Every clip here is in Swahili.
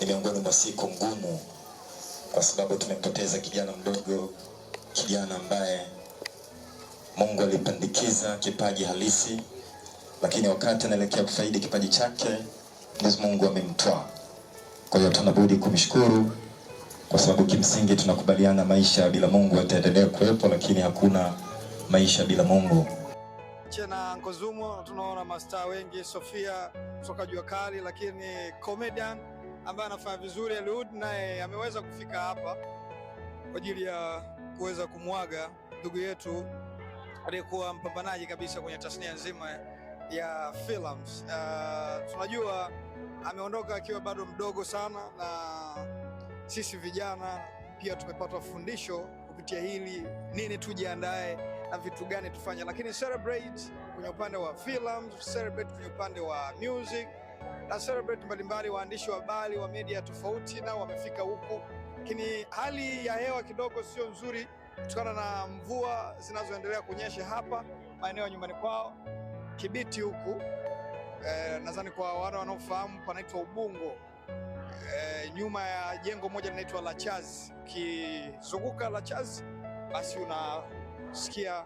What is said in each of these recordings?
Ni miongoni mwa siku ngumu kwa sababu tumempoteza kijana mdogo, kijana ambaye Mungu alipandikiza kipaji halisi, lakini wakati anaelekea kufaidi kipaji chake Mwenyezi Mungu amemtwaa. Kwa hiyo tunabudi kumshukuru kwa sababu kimsingi tunakubaliana maisha bila Mungu yataendelea kuwepo, lakini hakuna maisha bila Mungu. Heche na Nkozumo, tunaona mastaa wengi, Sofia kutoka jua kali, lakini comedian ambaye anafanya vizuri Eliud naye ameweza kufika hapa kwa ajili ya kuweza kumwaga ndugu yetu aliyekuwa mpambanaji kabisa kwenye tasnia nzima ya films. Uh, tunajua ameondoka akiwa bado mdogo sana, na sisi vijana pia tumepata fundisho kupitia hili, nini tujiandae na vitu gani tufanye, lakini celebrate kwenye upande wa filamu, celebrate kwenye upande wa music na celebrate mbalimbali, waandishi wa habari wa media tofauti nao wamefika huku, lakini hali ya hewa kidogo sio nzuri kutokana na mvua zinazoendelea kunyesha hapa maeneo ya nyumbani kwao Kibiti huku. E, nadhani kwa wale wanaofahamu panaitwa Ubungo. E, nyuma ya jengo moja linaitwa Lachazi, ukizunguka Lachazi basi una kusikia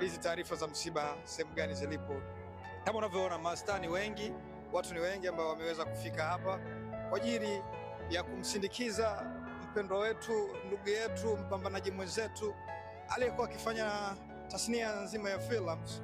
hizi taarifa za msiba sehemu gani zilipo. Kama unavyoona masta ni wengi, watu ni wengi ambao wameweza kufika hapa kwa ajili ya kumsindikiza mpendwa wetu, ndugu yetu, mpambanaji mwenzetu aliyekuwa akifanya tasnia nzima ya films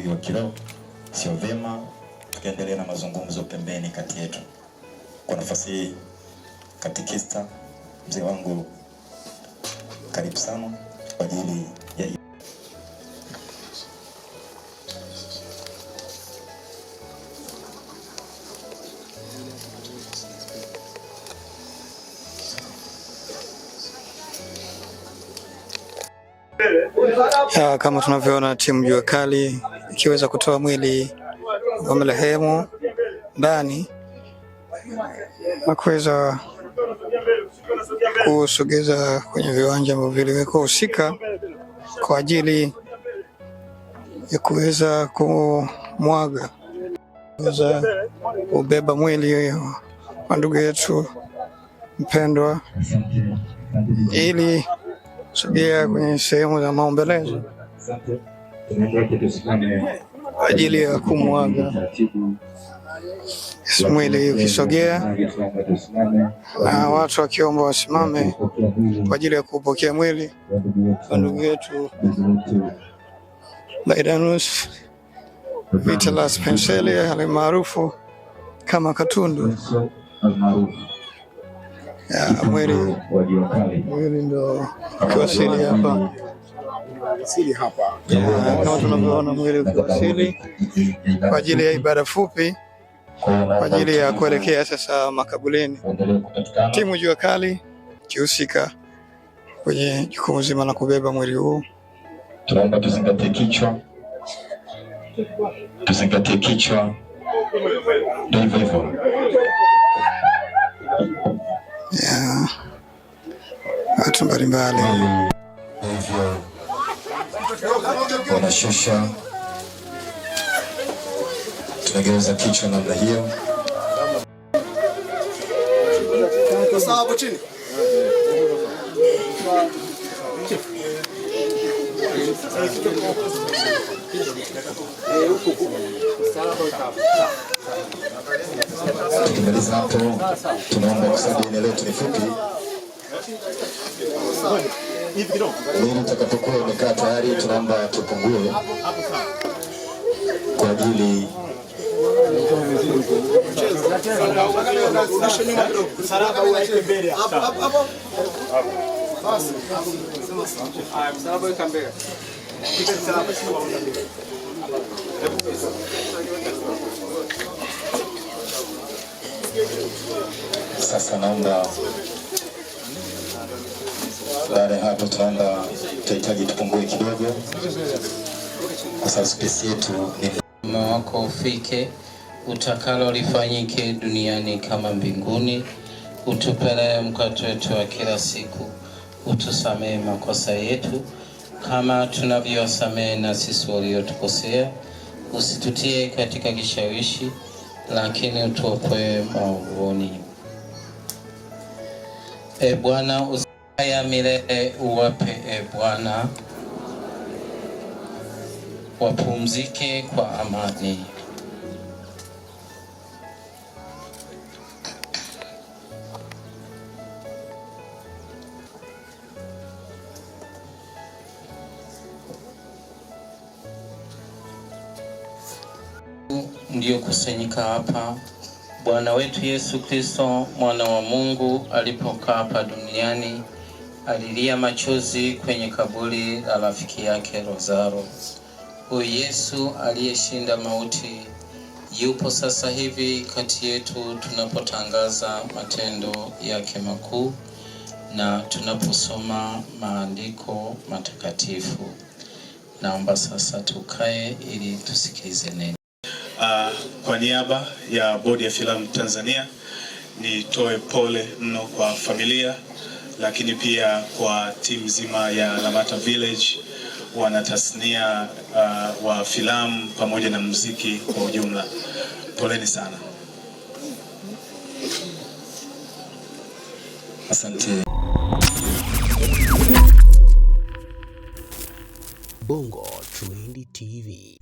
huyo wa kiroho, sio vyema tukaendelea na mazungumzo pembeni kati yetu. Kwa nafasi hii, katikista mzee wangu, karibu sana kwa ajili ya ah, kama tunavyoona timu jua kali ikiweza kutoa mwili wa marehemu ndani na kuweza kusogeza kwenye viwanja ambavyo viliwekwa husika kwa ajili ya kuweza kumwaga, kuweza kubeba mwili wa ndugu yetu mpendwa, ili sogea kwenye sehemu za maombelezo kwa ajili ya kumwaga mwili ukisogea na watu wakiomba wasimame kwa ajili ya kupokea mwili wa ndugu yetu Daidanus Vitalas Penseli alimaarufu kama Katundu. Ya, mwili mwili ndo ukiwasili hapa Wasili hapa kama tunavyoona mwili ukiwasili kwa ajili ya ibada fupi kwa ajili ya kuelekea sasa makaburini. Timu Jua Kali ikihusika kwenye jukumu zima la kubeba mwili huu. Tunaomba tuzingatie kichwa, tuzingatie kichwa, ndio hivyo hivyo. Watu mbalimbali hivyo wanashusha, tunageuza kichwa namna hiyo. Tukimaliza hapo, tunaomba kwa sababu eneo ni fupi nini takapokuwa tayari, tunaomba tupungue kwa ajili sasa naomba baada ya hapo tutaenda, tutahitaji tupungue kidogo, kwa sababu spesi yetu ni mama wako ufike, utakalo lifanyike duniani kama mbinguni. Utupelee mkate wetu wa kila siku, utusamehe makosa yetu kama tunavyowasamehe na sisi waliotukosea, usitutie katika kishawishi, lakini utuopoe maovuni. E Bwana ya milele uwape, e Bwana, wapumzike kwa amani. Mliokusanyika hapa, Bwana wetu Yesu Kristo mwana wa Mungu alipokaa hapa duniani alilia machozi kwenye kaburi la rafiki yake Lazaro. Huyu Yesu aliyeshinda mauti yupo sasa hivi kati yetu, tunapotangaza matendo yake makuu na tunaposoma maandiko matakatifu. Naomba sasa tukae ili tusikilize neno. Uh, kwa niaba ya Bodi ya Filamu Tanzania nitoe pole mno kwa familia lakini pia kwa timu nzima ya Lamata Village, wanatasnia uh, wa filamu pamoja na muziki kwa ujumla. Poleni sana. Asante. Bongo Trendy TV.